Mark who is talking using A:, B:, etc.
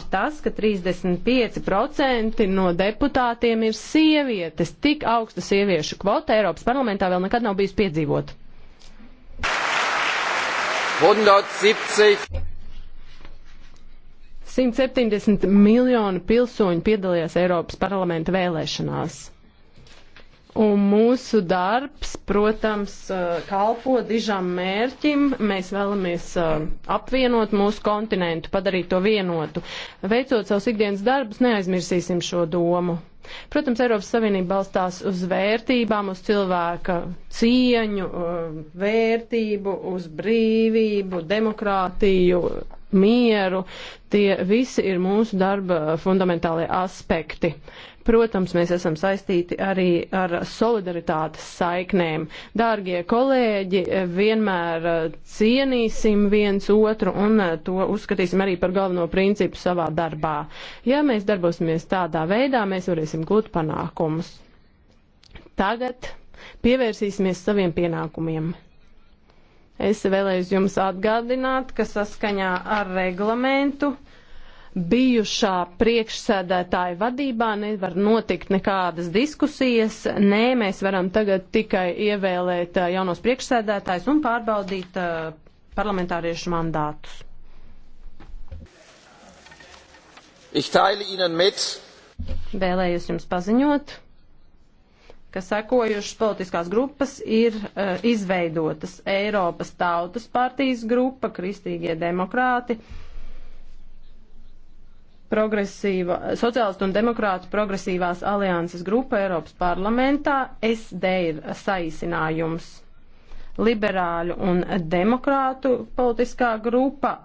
A: ir tas, ka 35% no deputātiem ir sievietes. Tik augsta sieviešu kvota Eiropas parlamentā vēl nekad nav bijusi piedzīvot. 170. 170 miljoni pilsoņu piedalījās Eiropas parlamenta vēlēšanās. Un mūsu darbs, protams, eh, kalpo dižam mērķim. Mēs vēlamies eh, apvienot mūsu kontinentu, padarīt to vienotu. Veicot savus ikdienas darbus, neaizmirsīsim šo domu. Protams, Eiropas Savienība balstās uz vērtībām, uz cilvēka cieņu, eh, vērtību, uz brīvību, demokrātiju, mieru. Tie visi ir mūsu darba fundamentālie aspekti. Protams, mēs esam saistīti arī ar solidaritātes saiknēm. Dārgie kolēģi, vienmēr cienīsim viens otru un to uzskatīsim arī par galveno principu savā darbā. Ja mēs darbosimies tādā veidā, mēs varēsim gūt panākumus. Tagad pievērsīsimies saviem pienākumiem. Es vēlējos jums atgādināt, ka saskaņā ar reglamentu bijušā priekšsēdētāja vadībā nevar notikt nekādas diskusijas. Nē, mēs varam tagad tikai ievēlēt eh, jaunos priekšsēdētājus un pārbaudīt eh, parlamentāriešu mandātus. Ich teile Ihnen mit. Vēlējos jums paziņot ka sekojušas politiskās grupas ir uh, izveidotas Eiropas Tautas partijas grupa, Kristīgie demokrāti, progresīva, sociālistu un demokrātu progresīvās alianses grupa Eiropas parlamentā, SD ir saīsinājums liberāļu un demokrātu politiskā grupa